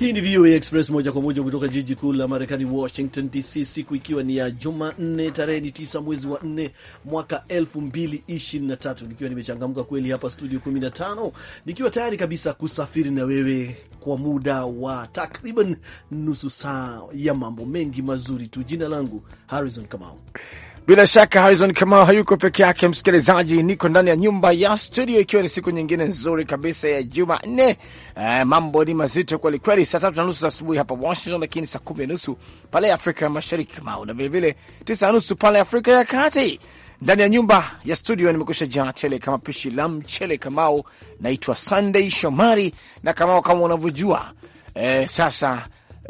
Hii ni VOA Express moja kwa moja kutoka jiji kuu la Marekani, Washington DC, siku ikiwa ni ya Jumanne tarehe 9 mwezi wa 4 mwaka tatu, nikiwa nimechangamka kweli hapa studio 15, nikiwa tayari kabisa kusafiri na wewe kwa muda wa takriban nusu saa ya mambo mengi mazuri tu. Jina langu Harrison Kamau. Bila shaka Harrison Kamau hayuko peke yake, msikilizaji, niko ndani ya nyumba ya studio, ikiwa ni siku nyingine nzuri kabisa ya Jumanne. Eh, mambo ni mazito kweli, saa tatu na nusu za asubuhi hapa Washington, lakini saa kumi na nusu pale Afrika ya Mashariki, Kamau, na vilevile tisa na nusu pale Afrika ya Kati. Ndani ya nyumba ya studio nimekusha jaa tele kama pishi la mchele, Kamau. Naitwa Sunday Shomari na Kamau, kama unavyojua eh, sasa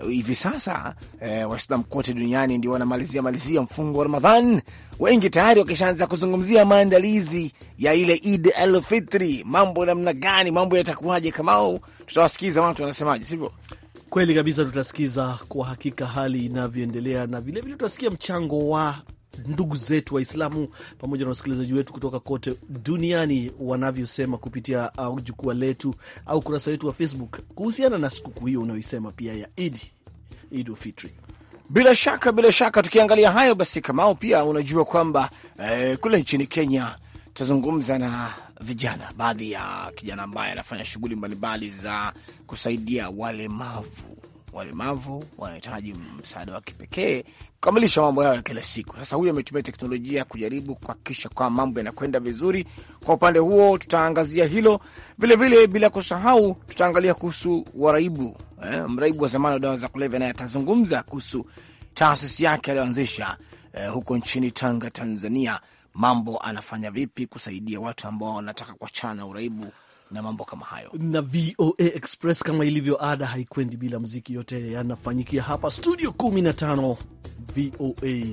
hivi sasa eh, Waislam kote duniani ndio wanamalizia malizia mfungo wa Ramadhan, wengi tayari wakishaanza kuzungumzia maandalizi ya ile Id Alfitri. Mambo namna gani? Mambo yatakuwaje? Kamao, tutawasikiza watu wanasemaje, sivyo? Kweli kabisa, tutasikiza kwa hakika hali inavyoendelea, na vilevile tutasikia mchango wa ndugu zetu Waislamu pamoja na wasikilizaji wetu kutoka kote duniani wanavyosema kupitia uh, jukwaa letu au kurasa wetu wa Facebook kuhusiana na sikukuu hiyo unayoisema pia ya Idi, Idul Fitri. Bila shaka, bila shaka, tukiangalia hayo basi, Kamao, pia unajua kwamba eh, kule nchini Kenya tutazungumza na vijana, baadhi ya kijana ambaye anafanya shughuli mbalimbali za kusaidia walemavu walemavu wanahitaji msaada wa kipekee kukamilisha mambo yao ya kila siku. Sasa huyo ametumia teknolojia kujaribu kuhakikisha kwamba mambo yanakwenda vizuri. Kwa upande huo, tutaangazia hilo vilevile vile, bila kusahau tutaangalia kuhusu waraibu eh, mraibu wa zamani wa dawa za kulevya naye atazungumza kuhusu taasisi yake aliyoanzisha eh, huko nchini Tanga, Tanzania. Mambo anafanya vipi kusaidia watu ambao wanataka kuachana uraibu na mambo kama hayo. Na VOA Express kama ilivyo ada, haikwendi bila muziki, yote yanafanyikia hapa studio 15 VOA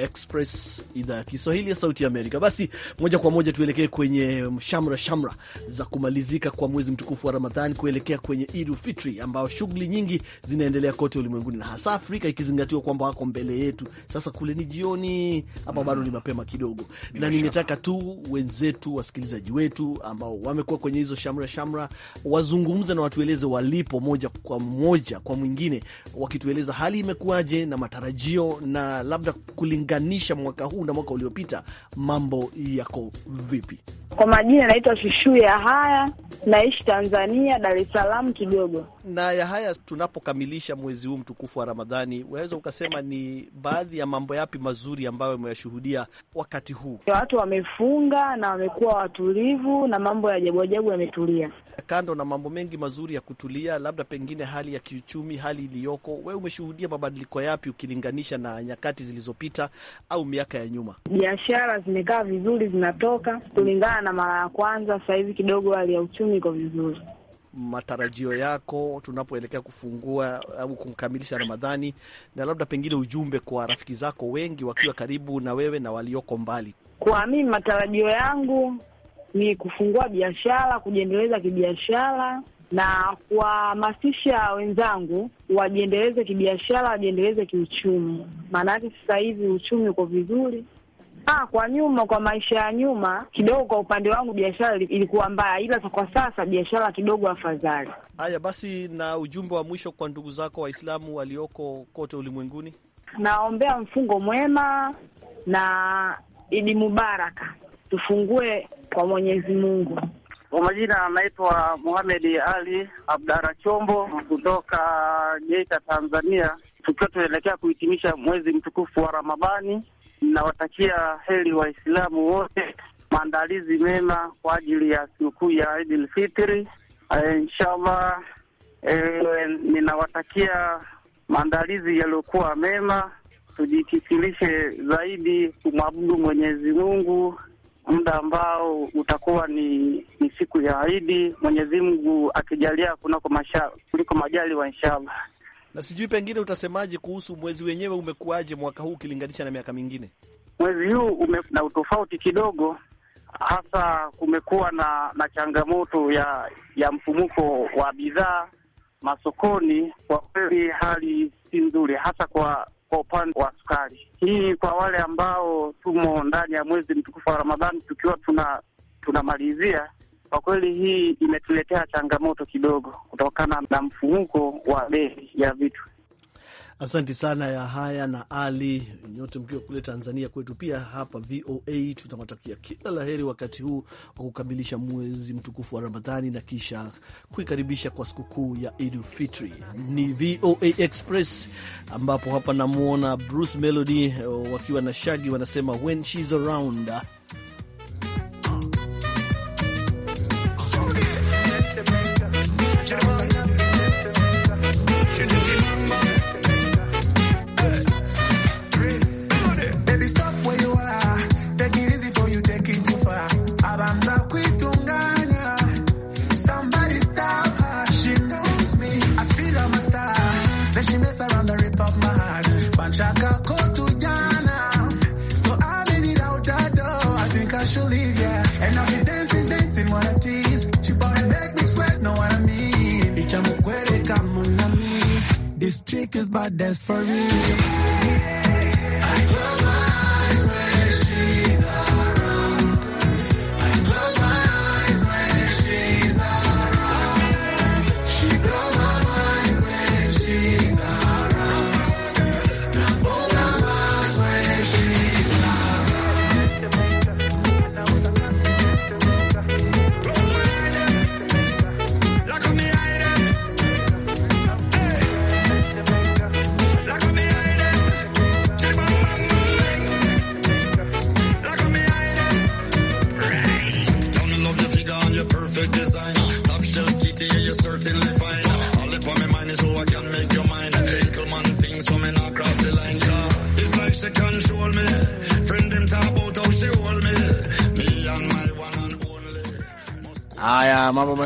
Express, idhaa ya Kiswahili ya Sauti ya Amerika. Basi moja kwa moja tuelekee kwenye shamra shamra za kumalizika kwa mwezi mtukufu wa Ramadhani kuelekea kwenye Idu Fitri, ambao shughuli nyingi zinaendelea kote ulimwenguni na hasa Afrika, ikizingatiwa kwamba wako mbele yetu. Sasa kule ni jioni, hapa bado ni mapema kidogo, na nimetaka tu wenzetu, wasikilizaji wetu ambao wamekuwa kwenye hizo shamra shamra, wazungumze na watueleze walipo, moja kwa moja kwa mwingine, wakitueleza hali imekuwaje na matarajio na labda kulingana ukilinganisha mwaka huu na mwaka uliopita, mambo yako vipi? Kwa majina naitwa Shushu ya haya, naishi Tanzania, Dar es Salaam Kidogo. Na ya haya, tunapokamilisha mwezi huu mtukufu wa Ramadhani, unaweza ukasema ni baadhi ya mambo yapi mazuri ambayo umeyashuhudia wakati huu? Watu wamefunga na wamekuwa watulivu na mambo ya ajabu ajabu yametulia. Kando na mambo mengi mazuri ya kutulia, labda pengine hali ya kiuchumi, hali iliyoko, wewe umeshuhudia mabadiliko yapi ukilinganisha na nyakati zilizopita au miaka ya nyuma? Biashara zimekaa vizuri, zinatoka kulingana na mara ya kwanza. Sasa hivi kidogo hali ya uchumi iko vizuri. Matarajio yako tunapoelekea kufungua au kumkamilisha Ramadhani, na labda pengine ujumbe kwa rafiki zako wengi wakiwa karibu na wewe na walioko mbali? Kwa mimi matarajio yangu ni kufungua biashara, kujiendeleza kibiashara na kuwahamasisha wenzangu wajiendeleze kibiashara, wajiendeleze kiuchumi. Maana yake sasa hivi uchumi uko vizuri. Ah, kwa nyuma, kwa maisha ya nyuma kidogo, kwa upande wangu biashara ilikuwa mbaya, ila kwa sasa biashara kidogo afadhali. Haya basi, na ujumbe wa mwisho kwa ndugu zako Waislamu walioko kote ulimwenguni, naombea mfungo mwema na Idi Mubaraka tufungue kwa Mwenyezi Mungu. Kwa majina anaitwa Mohamed Ali Abdara Chombo kutoka Geita, Tanzania, tukiwa tunaelekea kuhitimisha mwezi mtukufu wa Ramadhani. Ninawatakia heri Waislamu wote, maandalizi mema kwa ajili ya sikukuu ya Idil Fitri. Eh, inshallah, e, ninawatakia maandalizi yaliyokuwa mema, tujitikilishe zaidi kumwabudu Mwenyezi Mungu muda ambao utakuwa ni, ni siku ya Idi, Mwenyezi Mungu akijalia kunako kuliko wa inshallah. Na sijui pengine utasemaje kuhusu mwezi wenyewe, umekuwaje mwaka huu ukilinganisha na miaka mingine? Mwezi huu ume na utofauti kidogo, hasa kumekuwa na, na changamoto ya ya mfumuko wa bidhaa masokoni. Kwa kweli hali si nzuri, hasa kwa kwa upande wa sukari. Hii kwa wale ambao tumo ndani ya mwezi mtukufu wa Ramadhani tukiwa tuna tunamalizia, kwa kweli hii imetuletea changamoto kidogo, kutokana na mfumuko wa bei ya vitu asanti sana ya haya na Ali, nyote mkiwa kule Tanzania kwetu, pia hapa VOA tunawatakia kila laheri wakati huu wa kukamilisha mwezi mtukufu wa Ramadhani na kisha kuikaribisha kwa sikukuu ya Idul Fitri. Ni VOA Express ambapo hapa namwona Bruce Melody eh, wakiwa na Shagi wanasema when she's around like it's bad, that's for real.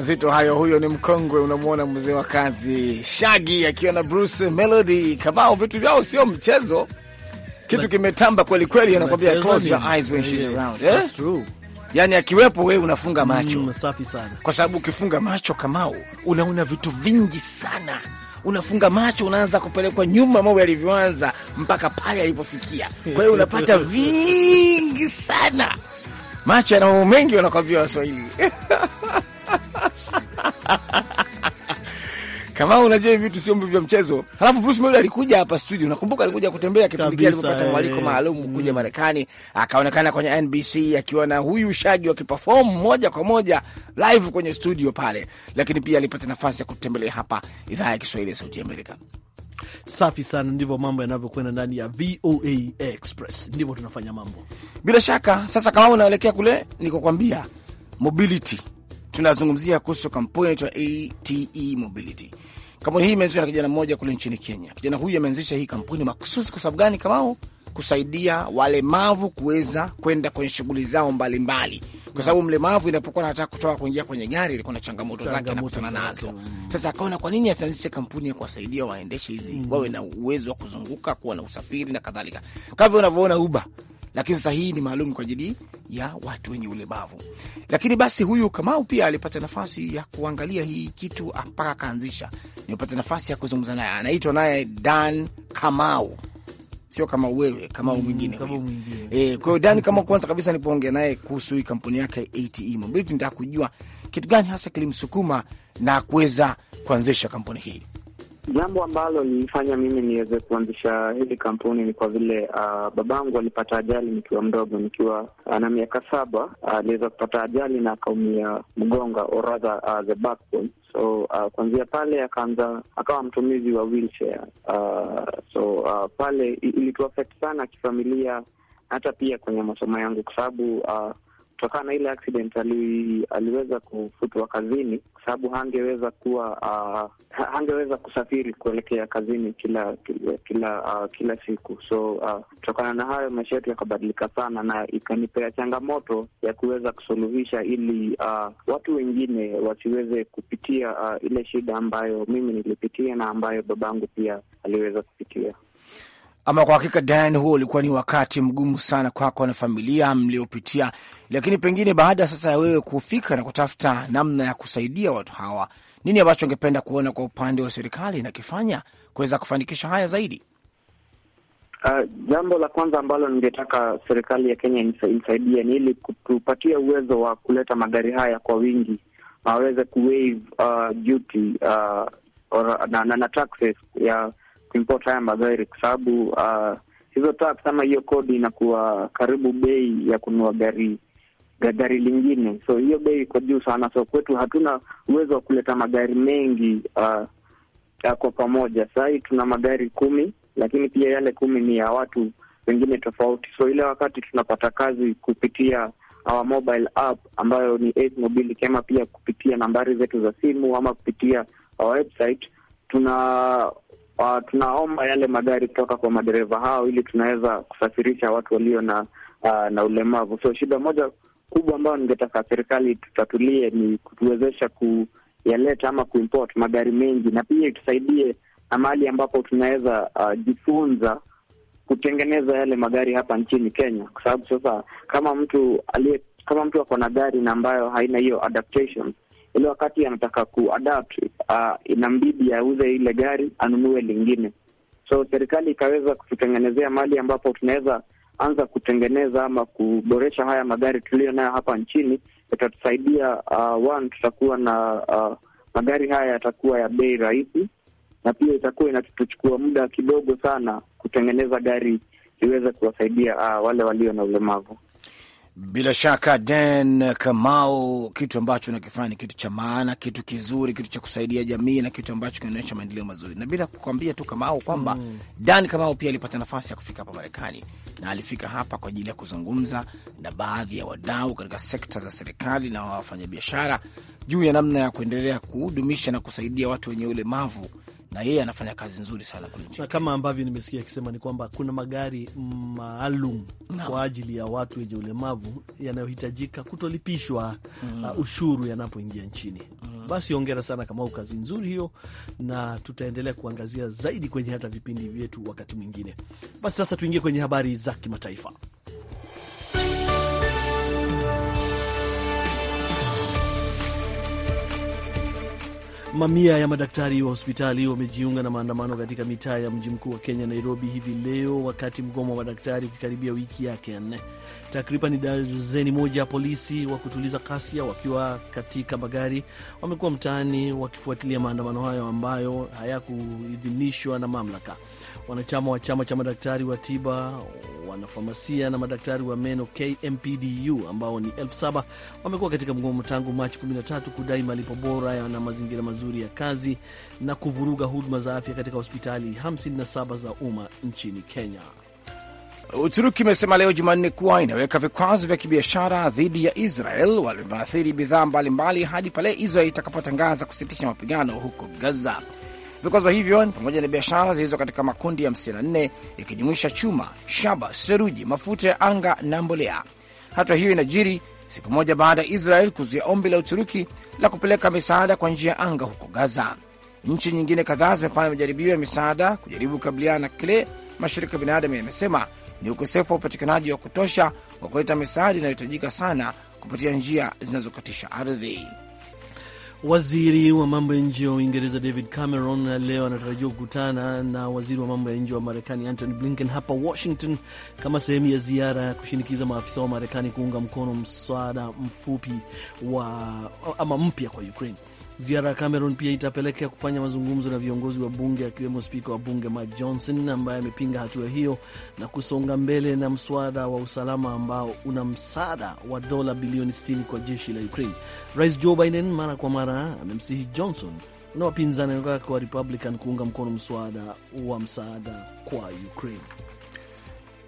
mazito hayo. Huyo ni mkongwe, unamwona mzee wa kazi Shagi akiwa na Bruce Melody kabao, vitu vyao sio mchezo, kitu kimetamba kweli kweli, anakwambia close your eyes when she's around, eh, that's true. Yani akiwepo wewe unafunga mm, macho mm, safi sana, kwa sababu ukifunga macho Kamao unaona vitu vingi sana unafunga macho, unaanza kupelekwa nyuma mambo yalivyoanza mpaka pale alipofikia. Kwa hiyo unapata vingi sana, macho yana mambo mengi, wanakwambia Waswahili. Kama unajua hivi vitu sio vya mchezo. Halafu Bruce Melody alikuja hapa studio, nakumbuka alikuja kutembea kipindi kile, alipopata eh. mwaliko maalum mm. kuja Marekani, akaonekana kwenye NBC akiwa na huyu Shaggy wakiperform moja kwa moja live kwenye studio pale, lakini pia alipata nafasi ya kutembelea hapa idhaa ya Kiswahili ya Sauti ya Amerika. Safi sana, ndivyo mambo yanavyokwenda ndani ya VOA Express, ndivyo tunafanya mambo. Bila shaka sasa, kama unaelekea kule nikokwambia mobility tunazungumzia kuhusu kampuni inaitwa ATE Mobility. Kampuni hii imeanzishwa na kijana mmoja kule nchini Kenya. Kijana huyu ameanzisha hii kampuni makususi kwa sababu gani, Kamao? Kusaidia walemavu kuweza kwenda kwenye shughuli zao mbalimbali, kwa sababu mlemavu inapokuwa anataka kutoka kuingia kwenye gari ilikuwa na changamoto zake anakutana nazo. Sasa akaona kwa nini asianzishe kampuni ya kuwasaidia waendeshe hizi, mm. wawe na uwezo wa kuzunguka, kuwa na usafiri na kadhalika, kama unavyoona Uber lakini sasa hii ni maalum kwa ajili ya watu wenye ulemavu. Lakini basi huyu Kamau pia alipata nafasi ya kuangalia hii kitu mpaka akaanzisha. Nimepata nafasi ya kuzungumza naye, anaitwa naye Dan Kamau, sio kama wewe Kamau mm, mwingine mm, kwa hiyo Dan Kamau, kwanza kabisa nipoongea naye kuhusu hii kampuni yake ATE Mobility, nitaka kujua kitu gani hasa kilimsukuma na kuweza kuanzisha kampuni hii. Jambo ambalo lilifanya mimi niweze kuanzisha hili kampuni ni kwa vile uh, babangu alipata ajali nikiwa mdogo, nikiwa uh, na miaka saba uh, aliweza uh, kupata ajali na akaumia mgonga or rather uh, the backbone so uh, kuanzia pale akaanza akawa mtumizi wa wheelchair uh, so uh, pale ilituaffect sana kifamilia, hata pia kwenye masomo yangu kwa sababu uh, kutokana na ile accident ali, aliweza kufutwa kazini kwa sababu hangeweza kuwa uh, hangeweza kusafiri kuelekea kazini kila kila kila, uh, kila siku. So ah, kutokana uh, na hayo maisha yetu yakabadilika sana, na ikanipea changamoto ya kuweza kusuluhisha ili uh, watu wengine wasiweze kupitia uh, ile shida ambayo mimi nilipitia na ambayo babangu pia aliweza kupitia. Ama kwa hakika Dan, huo ulikuwa ni wakati mgumu sana kwako kwa na familia mliopitia, lakini pengine baada sasa ya wewe kufika na kutafuta namna ya kusaidia watu hawa, nini ambacho ungependa kuona kwa upande wa serikali inakifanya kuweza kufanikisha haya zaidi? Uh, jambo la kwanza ambalo ningetaka serikali ya Kenya imsaidie ni ili kutupatia uwezo wa kuleta magari haya kwa wingi na waweze kuwaive uh, ah, duty uh, na, na, na taxes ya kuimport haya magari kwa sababu uh, hizo tax ama hiyo kodi inakuwa karibu bei ya kunua gari gari lingine, so hiyo bei iko juu sana. So kwetu hatuna uwezo wa kuleta magari mengi uh, kwa pamoja. Saa hii tuna magari kumi, lakini pia yale kumi ni ya watu wengine tofauti. So ile wakati tunapata kazi kupitia our mobile app ambayo ni Ace Mobility, ama pia kupitia nambari zetu za simu ama kupitia our website, tuna uh, tunaomba yale magari kutoka kwa madereva hao ili tunaweza kusafirisha watu walio na uh, na ulemavu. So shida moja kubwa ambayo ningetaka serikali tutatulie ni kutuwezesha kuyaleta ama kuimport magari mengi, na pia itusaidie na mahali ambapo tunaweza uh, jifunza kutengeneza yale magari hapa nchini Kenya, kwa sababu sasa kama mtu aliye kama mtu ako na gari na ambayo haina hiyo adaptations ile wakati anataka kuadapt uh, ah, inambidi auze ile gari anunue lingine. So serikali ikaweza kututengenezea mali ambapo tunaweza anza kutengeneza ama kuboresha haya magari tuliyo nayo hapa nchini. Itatusaidia uh, ah, one, tutakuwa na uh, magari haya yatakuwa ya bei rahisi, na pia itakuwa inatuchukua muda kidogo sana kutengeneza gari iweze kuwasaidia uh, wale walio na ulemavu. Bila shaka Dan Kamau, kitu ambacho unakifanya ni kitu cha maana, kitu kizuri, kitu cha kusaidia jamii na kitu ambacho kinaonyesha maendeleo mazuri, na bila kukwambia tu Kamau kwamba mm. Dan Kamau pia alipata nafasi ya kufika hapa Marekani na alifika hapa kwa ajili ya kuzungumza na baadhi ya wadau katika sekta za serikali na wafanyabiashara juu ya namna ya kuendelea kudumisha na kusaidia watu wenye ulemavu na yeye anafanya kazi nzuri sana kule nchini. Na kama ambavyo nimesikia akisema ni kwamba kuna magari maalum kwa ajili ya watu wenye ulemavu yanayohitajika kutolipishwa mm. uh, ushuru yanapoingia nchini mm. Basi ongera sana Kamau, kazi nzuri hiyo, na tutaendelea kuangazia zaidi kwenye hata vipindi vyetu wakati mwingine. Basi sasa tuingie kwenye habari za kimataifa. Mamia ya madaktari wa hospitali wamejiunga na maandamano katika mitaa ya mji mkuu wa Kenya, Nairobi, hivi leo, wakati mgomo wa madaktari ukikaribia wiki yake ya nne. Takriban dazeni moja ya polisi wa kutuliza ghasia wakiwa katika magari wamekuwa mtaani wakifuatilia maandamano hayo ambayo hayakuidhinishwa na mamlaka. Wanachama wa chama cha madaktari wa tiba, wanafamasia na madaktari wa meno KMPDU ambao ni elfu saba wamekuwa katika mgomo tangu Machi 13 kudai malipo bora na mazingira mazuri ya kazi na kuvuruga huduma za afya katika hospitali 57 za umma nchini Kenya. Uturuki imesema leo Jumanne kuwa inaweka vikwazo vya kibiashara dhidi ya Israel walivyoathiri bidhaa mbalimbali hadi pale Israel itakapotangaza kusitisha mapigano huko Gaza. Vikwazo hivyo ni pamoja na biashara zilizo katika makundi ya 54 ikijumuisha chuma, shaba, seruji, mafuta ya anga na mbolea. Hatua hiyo inajiri siku moja baada ya Israel kuzuia ombi la Uturuki la kupeleka misaada kwa njia ya anga huko Gaza. Nchi nyingine kadhaa zimefanya majaribio ya misaada kujaribu kukabiliana na kile mashirika ya binadamu yamesema ni ukosefu wa upatikanaji wa kutosha wa kuleta misaada inayohitajika sana kupitia njia zinazokatisha ardhi. Waziri wa mambo ya nje wa Uingereza David Cameron leo anatarajiwa kukutana na waziri wa mambo ya nje wa Marekani Antony Blinken hapa Washington kama sehemu ya ziara ya kushinikiza maafisa wa Marekani kuunga mkono mswada mfupi wa ama mpya kwa Ukraine. Ziara ya Cameron pia itapelekea kufanya mazungumzo na viongozi wa bunge akiwemo spika wa bunge Mike Johnson ambaye amepinga hatua hiyo na kusonga mbele na mswada wa usalama ambao una msaada wa dola bilioni 60 kwa jeshi la Ukraine. Rais Joe Biden mara kwa mara amemsihi Johnson na wapinzani wake wa Republican kuunga mkono mswada wa msaada kwa Ukraine.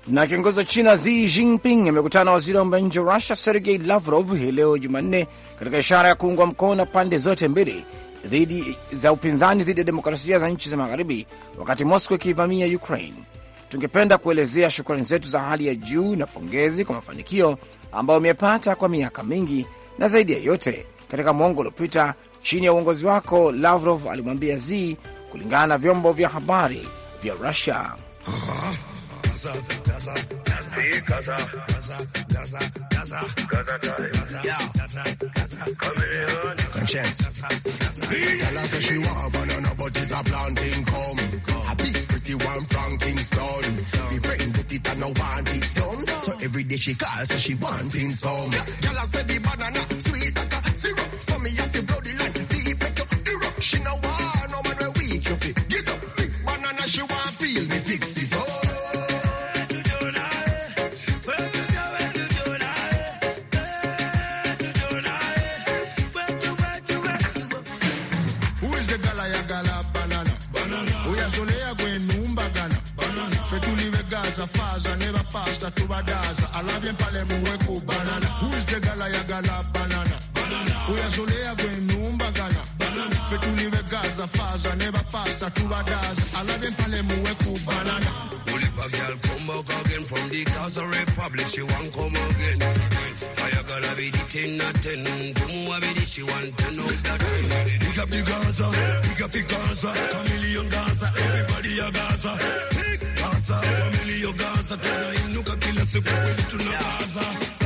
Na kiongozi wa China Xi Jinping amekutana na waziri wa mambo ya nje wa Rusia Sergei Lavrov hii leo Jumanne, katika ishara ya kuungwa mkono na pande zote mbili dhidi za upinzani dhidi ya demokrasia za nchi za Magharibi, wakati Moscow ikivamia Ukraine. Tungependa kuelezea shukrani zetu za hali ya juu na pongezi kwa mafanikio ambayo imepata kwa miaka mingi na zaidi ya yote katika mwongo uliopita chini ya uongozi wako, Lavrov alimwambia Xi, kulingana na vyombo vya habari vya Rusia. Gaza, Gaza, Gaza, Gaza, Gaza, Gaza, Gaza, Gaza, Gaza, yeah. Gaza, Gaza, come on, conscience. Tell her she want banana, but it's a planting come. I big pretty one from Kingston. The friend with it and no want it done. So every day she calls, so she wanting some. Tell I said the banana sweet like a syrup, so me have to blow the line deep like a Europe. She no want no man we weak, you fit. Get up, big banana, she want feel me fix it. la banana uyasolea kwenuumba gana fetulivegaza faza neva pasta tuvadaza alave mpale muwe kubanana a girl come back again from the Gaza Republic, she won't come again. I gotta be the thing not ten, Kumwa be the she want to know that. Pick up the Gaza, pick up the Gaza, a million Gaza, everybody a Gaza. Gaza, a million Gaza, tena inuka kila siku kwetu na Gaza.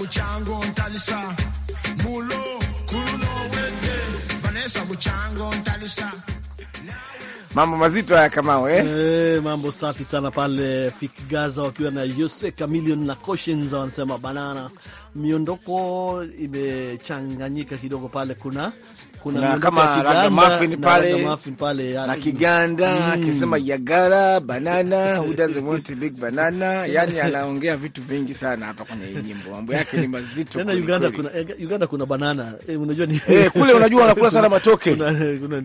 buchango ntalisa mulo kuno wete Vanessa buchango ntalisa Mambo mazito haya Kamau eh? E, mambo safi sana pale fikgaza wakiwa na Yose Kamilion na Koshenza wanasema banana miondoko imechanganyika kidogo pale, kuna kuna kama ragamuffin pale pale na Kiganda mm. akisema mm, yagara banana who doesn't want a big banana yani anaongea vitu vingi sana hapa kwenye nyimbo, mambo yake ni mazito. Tena Uganda kuna eh, Uganda kuna banana eh, unajua ni eh, kule unajua wanakula sana matoke kuna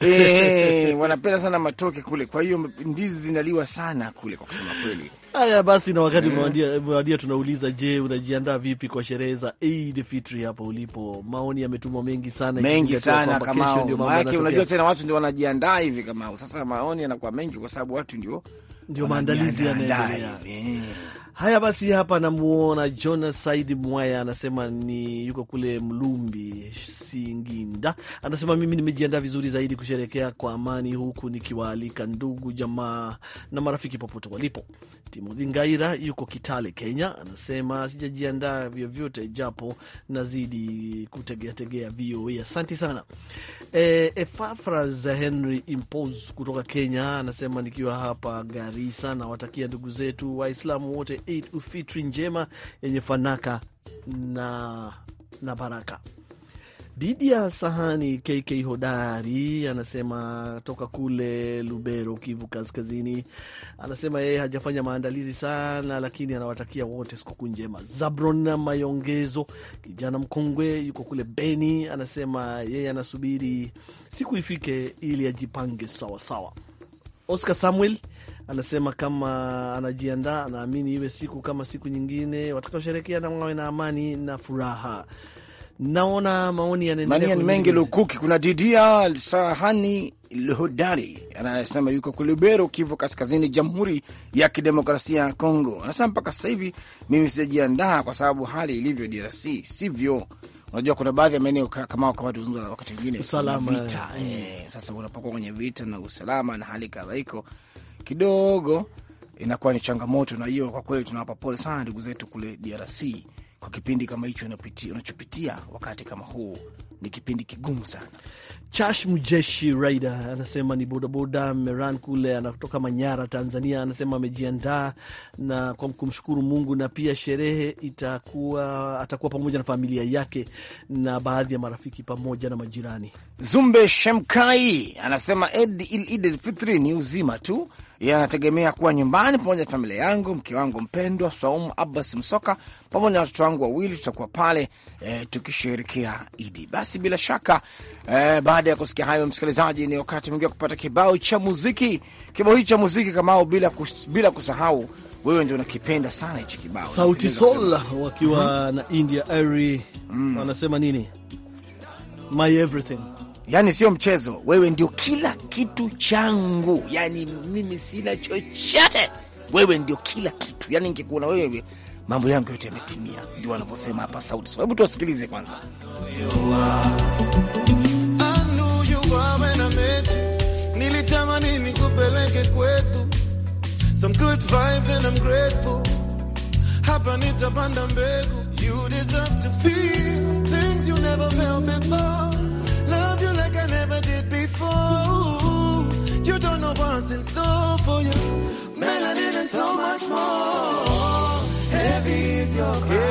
eh, eh wanapenda sana matoke kule, kwa hiyo ndizi zinaliwa sana kule kwa kusema kweli Haya basi, na wakati umewadia, eh. tunauliza je, unajiandaa vipi kwa sherehe za Eid Fitri hapo ulipo? Maoni yametumwa mengi sana, mengi sana kama unajua tena watu ndio wanajiandaa hivi kama sasa, maoni yanakuwa mengi kwa sababu watu ndio ndio maandalizi yanaendelea. Haya basi, hapa namuona Jonas Said Mwaya anasema ni yuko kule Mlumbi Singinda, anasema mimi nimejiandaa vizuri zaidi kusherekea kwa amani, huku nikiwaalika ndugu jamaa na marafiki popote walipo. Timothy Ngaira yuko Kitale, Kenya, anasema sijajiandaa vyovyote, japo nazidi kutegeategea VOA. Asante sana. E, Epafras Henry Impos kutoka Kenya anasema nikiwa hapa garisa nawatakia ndugu zetu Waislamu wote Eid ufitri njema yenye fanaka na, na baraka. ya Sahani KK Hodari anasema toka kule Lubero, Kivu Kaskazini, anasema yeye hajafanya maandalizi sana, lakini anawatakia wote sikukuu njema. Zabrona Mayongezo, kijana mkongwe, yuko kule Beni, anasema yeye anasubiri siku ifike ili ajipange sawasawa. Oscar Samuel anasema kama anajiandaa, anaamini iwe siku kama siku nyingine, watakaosherekea na wawe na amani na furaha. Naona maoni yanaendelea mengi lukuki. Kuna Didia Sahani Lhodari anasema yuko Kulubero, Kivu Kaskazini, Jamhuri ya Kidemokrasia ya Kongo. Anasema mpaka sasa hivi mimi sijajiandaa kwa sababu hali ilivyo DRC sivyo. Unajua, kuna baadhi ya maeneo kama kwa watu zungumza, wakati mwingine usalama vita, eh. eh, sasa unapokuwa kwenye vita na usalama na hali kadhalika kidogo inakuwa ni changamoto, na hiyo kwa kweli tunawapa pole sana ndugu zetu kule DRC kwa kipindi kama hicho unachopitia wakati kama huu ni kipindi kigumu sana. Chash Mjeshi Raida anasema ni bodaboda Meran kule anatoka Manyara, Tanzania. Anasema amejiandaa na kwa kumshukuru Mungu, na pia sherehe itakuwa atakuwa pamoja na familia yake na baadhi ya marafiki pamoja na majirani. Zumbe Shemkai anasema Ed il ni uzima tu, yanategemea kuwa nyumbani pamoja na familia yangu, mke wangu mpendwa saumu Abbas Msoka pamoja na watoto wangu wawili. Tutakuwa pale e, tukisherekea Idi. Basi bila shaka e, baada ya kusikia hayo, msikilizaji, ni wakati mwingine wa kupata kibao cha muziki. Kibao hii cha muziki kamao, bila, kus, bila kusahau wewe ndio unakipenda sana hichi kibao, Sauti Sol wakiwa mm -hmm. na India Ari mm. wanasema nini? My everything yani sio mchezo, wewe ndio kila kitu changu, yani mimi sina chochote, wewe ndio kila kitu, yani nikikuona wewe mambo yangu yote yametimia, ndio wanavyosema hapa Sauti. So hebu tuwasikilize kwanza. Nilitamani nikupeleke kwetu, some good vibes and I'm grateful. Hapa nitapanda mbegu, you deserve to feel things you never felt before like I never did before. You don't know what's in store for you. Melanin and so much more. Heavy is your crown.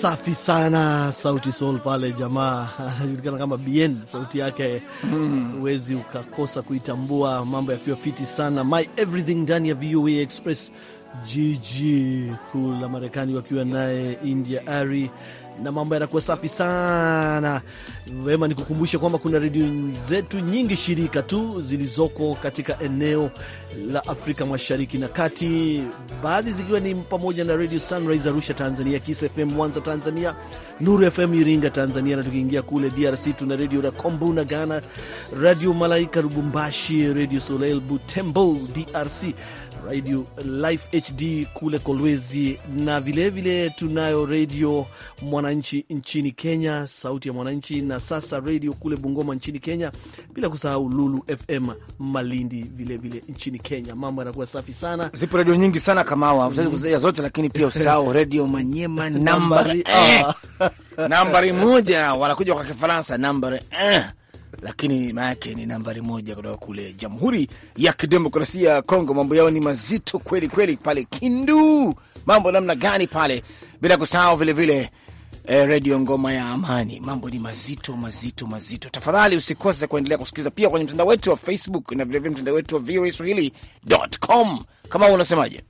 Safi sana sauti soul pale, jamaa anajulikana kama Bien. Sauti yake hmm. huwezi mm, ukakosa kuitambua, mambo yakiwa fiti sana. My everything ndani ya VOA e Express, jiji kuu la Marekani, wakiwa naye India Ari na mambo yanakuwa safi sana. Wema, nikukumbushe kwamba kuna redio zetu nyingi shirika tu zilizoko katika eneo la Afrika Mashariki na Kati, baadhi zikiwa ni pamoja na Radio Sunrise Arusha Tanzania, Kiss FM Mwanza Tanzania, Nuru FM Iringa Tanzania, na tukiingia kule DRC tuna redio Rakombu na Ghana, Radio Malaika Lubumbashi, Radio Soleil Butembo DRC, Radio Life HD kule Kolwezi, na vilevile vile tunayo redio Mwananchi nchini Kenya, Sauti ya Mwananchi, na sasa redio kule Bungoma nchini Kenya, bila kusahau Lulu FM Malindi vilevile vile nchini Kenya. Mambo yanakuwa safi sana, zipo redio nyingi sana kama mm-hmm. kuzaia zote, lakini pia usahau redio Manyema nambari ah. eh. nambari moja, wanakuja kwa Kifaransa nambari eh lakini yake ni nambari moja kutoka kule Jamhuri ya Kidemokrasia ya Kongo. Mambo yao ni mazito kweli kweli pale Kindu, mambo namna gani pale, bila kusahau vilevile eh, Redio Ngoma ya Amani. Mambo ni mazito mazito mazito. Tafadhali usikose kuendelea kusikiliza pia kwenye mtandao wetu wa Facebook na vilevile mtandao wetu wa VOA Swahili.com. Kama unasemaje?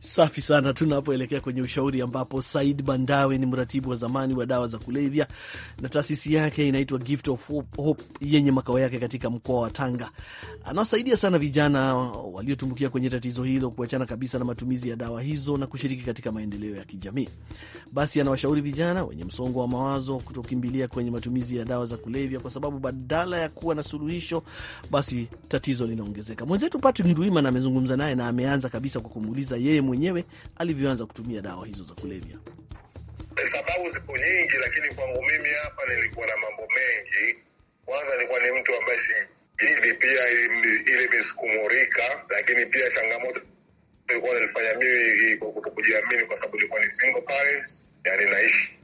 Safi sana. Tunapoelekea kwenye ushauri, ambapo Said Bandawe ni mratibu wa zamani wa dawa za kulevya na taasisi yake inaitwa Gift of Hope yenye makao yake katika mkoa wa Tanga. Anawasaidia sana vijana waliotumbukia kwenye tatizo hilo kuachana kabisa na matumizi ya dawa hizo na kushiriki katika maendeleo ya kijamii. Basi anawashauri vijana wenye msongo wa mawazo kutokimbilia kwenye matumizi ya dawa za kulevya, kwa sababu badala ya kuwa na suluhisho, basi tatizo linaongezeka. Mwenzetu Patrick Nduimana amezungumza naye na ameanza kwanza kabisa kwa kumuuliza yeye mwenyewe alivyoanza kutumia dawa hizo za kulevya. Sababu ziko nyingi, lakini kwangu mimi hapa nilikuwa na mambo mengi. Kwanza nilikuwa ni mtu ambaye sijili, pia ile misukumurika, lakini pia changamoto ilikuwa nalifanya mimi kwa kutokujiamini, kwa sababu nilikuwa ni single parents, yani naishi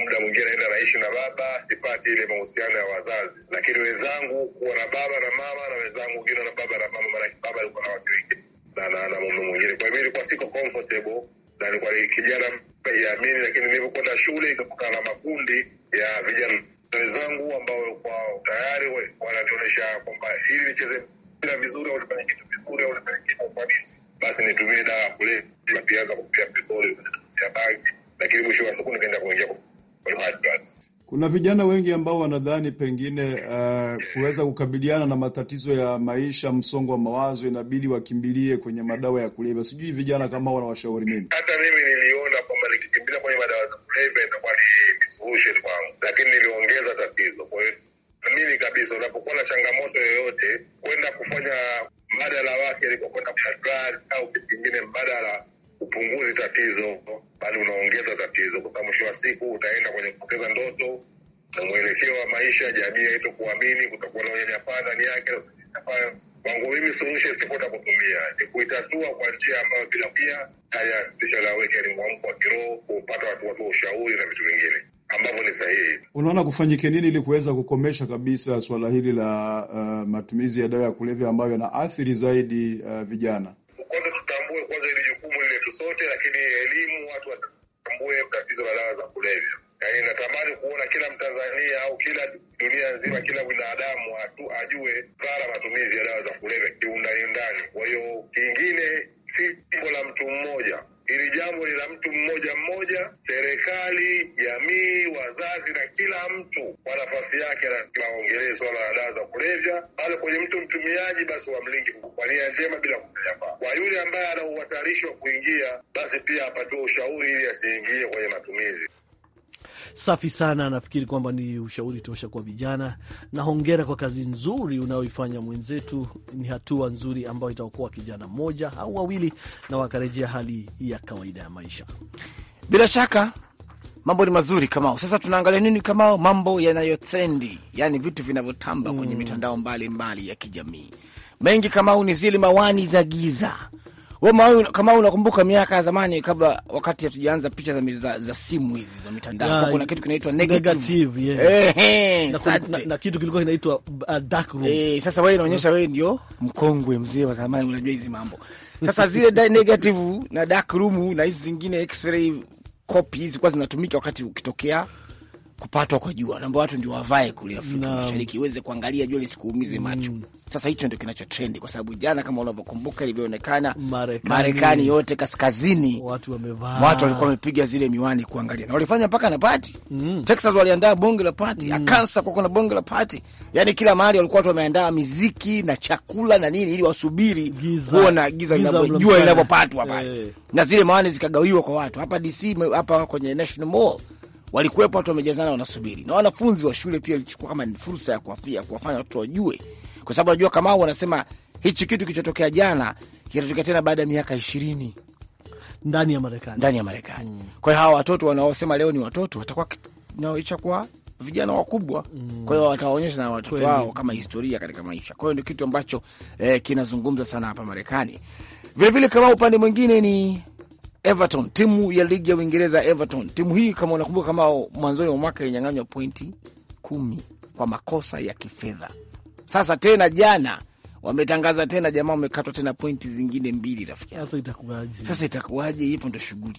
muda mwingine naenda naishi na baba, sipati ile mahusiano ya wazazi, lakini wenzangu kuwa na baba na mama na wenzangu wengine na baba na mama, maanake baba alikuwa na watu wengine na na, na mume mwingine. Kwa hivyo ilikuwa siko comfortable na nilikuwa kijana mjiamini, lakini nilipokwenda shule ikakutana na makundi ya vijana wenzangu ambao walikuwa tayari wananionyesha kwamba ili nicheze mpira vizuri au nifanye kitu kizuri au nifanye kitu kwa ufanisi, basi nitumie dawa ya kulevya, pia za kupia petroli ya bangi, lakini mwisho wa siku nikaenda kuingia kwa hard drugs. Kuna vijana wengi ambao wanadhani pengine uh, kuweza kukabiliana na matatizo ya maisha, msongo wa mawazo, inabidi wakimbilie kwenye madawa ya kulevya. Sijui vijana kama wanawashauri nini. Hata mimi niliona kwamba nikikimbilia kwenye madawa za kulevya itakuwa ni solution kwangu, lakini niliongeza tatizo. Kwa hiyo kabisa, unapokuwa na changamoto yoyote, kwenda kufanya mbadala wake, alipokwenda kufanya drugs au kitu kingine mbadala, upunguzi tatizo bali unaongeza tatizo, kwa sababu mwisho wa siku utaenda kwenye kupoteza ndoto na mwelekeo wa maisha. Jamii kuamini, kutakuwa na unyanyapaa ndani yake. Kwangu mimi solution sipo takutumia ni kuitatua kwa njia ambayo bila pia haya weke ni mwamko wa kiroho kupata watu watu wa ushauri na vitu vingine ambavyo ni sahihi. Unaona kufanyike nini ili kuweza kukomesha kabisa swala hili la uh, matumizi ya dawa ya kulevya ambayo yana athiri zaidi uh, vijana? Tanzania au kila dunia nzima, kila binadamu ajue dhara matumizi ya dawa za kulevya kiundanindani undani. Kwa hiyo kingine si jambo la mtu mmoja, ili jambo ni la mtu mmoja mmoja, serikali, jamii, wazazi na kila mtu kwa nafasi yake aongelee swala la dawa za kulevya pale kwenye mtu mtumiaji, basi wamlingi kwa nia njema bila kujafaa. Kwa yule ambaye ana uhatarishi wa kuingia, basi pia apatiwe ushauri ili asiingie kwenye matumizi. Safi sana, nafikiri kwamba ni ushauri tosha kwa vijana, na hongera kwa kazi nzuri unayoifanya mwenzetu. Ni hatua nzuri ambayo itaokoa kijana mmoja au wawili, na wakarejea hali ya kawaida ya maisha. Bila shaka mambo ni mazuri Kamao. Sasa tunaangalia nini Kamao? Mambo yanayotrendi, yaani vitu vinavyotamba mm, kwenye mitandao mbalimbali mbali ya kijamii. Mengi Kamao ni zile mawani za giza kama unakumbuka miaka ya zamani, kabla wakati hatujaanza picha za, za simu hizi za mitandao, kuna kitu kinaitwa negative, negative yeah. Eh, na, na, na kitu kilikuwa kinaitwa uh, dark room eh. Sasa wewe inaonyesha wewe ndio mkongwe, mzee wa zamani, unajua hizi mambo sasa. Zile negative na dark room na hizi zingine x-ray copy zilikuwa zinatumika wakati ukitokea kupatwa kwa jua, naomba watu ndio wavae kule Afrika no. Mashariki iweze kuangalia jua lisikuumize mm. macho mm. Sasa hicho ndio kinacho trendi, kwa sababu jana, kama unavyokumbuka, ilivyoonekana Marekani yote kaskazini, watu wamevaa, watu walikuwa wamepiga zile miwani kuangalia, na walifanya mpaka na pati mm. Texas waliandaa bonge la pati mm. Akansa kwa kuna bonge la pati, yani kila mahali walikuwa watu wameandaa miziki na chakula na nini, ili wasubiri kuona giza jua linavyopatwa pale, eh. na zile miwani zikagawiwa kwa watu hapa DC, hapa kwenye National Mall walikuwepo watu wamejazana, wanasubiri, na wanafunzi wa shule pia walichukua kama ni fursa ya kuwafia kuwafanya watu wajue, kwa sababu najua kama wanasema hichi kitu kilichotokea jana kinatokea tena baada ya miaka ishirini ndani ya Marekani, ndani ya Marekani. Mm. Kwa hiyo hawa watoto wanaosema leo ni watoto watakuwa naishakuwa vijana wakubwa. Mm. Kwa hiyo watawaonyesha na watoto wao kama historia katika maisha. Kwa hiyo ndio kitu ambacho eh, kinazungumza sana hapa Marekani. Vilevile kama upande mwingine ni Everton, timu ya ligi ya Uingereza, Everton. Timu hii kama unakumbuka, kama mwanzoni mwa mwaka ilinyang'anywa pointi kumi kwa makosa ya kifedha. Sasa tena jana wametangaza tena, jamaa wamekatwa tena pointi zingine mbili, rafiki. Sasa itakuwaje? Sasa itakuwaje? ndo shughuli,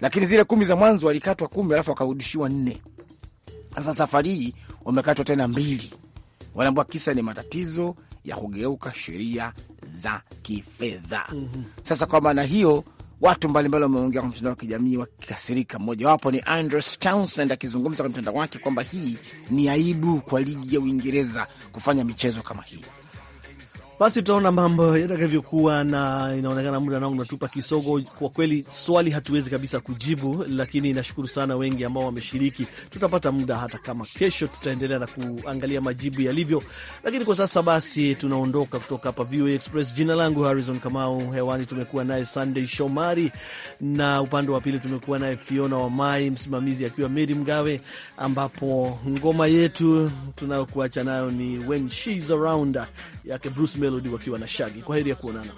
lakini zile kumi za mwanzo walikatwa kumi, alafu wakarudishiwa nne. Sasa safari hii wamekatwa tena mbili, wanaambua kisa ni matatizo ya kugeuka sheria za kifedha. Mm -hmm. Sasa kwa maana hiyo watu mbalimbali wameongea kwenye mtandao wa kijamii wakikasirika. Mmojawapo ni Andrews Townsend akizungumza kwenye mtandao wake kwamba hii ni aibu kwa ligi ya Uingereza kufanya michezo kama hii. Basi tutaona mambo yatakavyokuwa, na inaonekana muda nao unatupa kisogo. Kwa kweli, swali hatuwezi kabisa kujibu, lakini nashukuru sana wengi ambao wameshiriki. Tutapata muda, hata kama kesho tutaendelea na kuangalia majibu yalivyo, lakini kwa sasa basi tunaondoka kutoka hapa VOA Express. Jina langu Harrison Kamau, hewani tumekuwa naye Sunday Shomari na upande wa pili tumekuwa naye Fiona Wamai, msimamizi akiwa Meri Mgawe, ambapo ngoma yetu tunayokuacha nayo ni When She's Around yake Bruce Mel Melody wakiwa na Shagi. Kwa heri ya kuonana.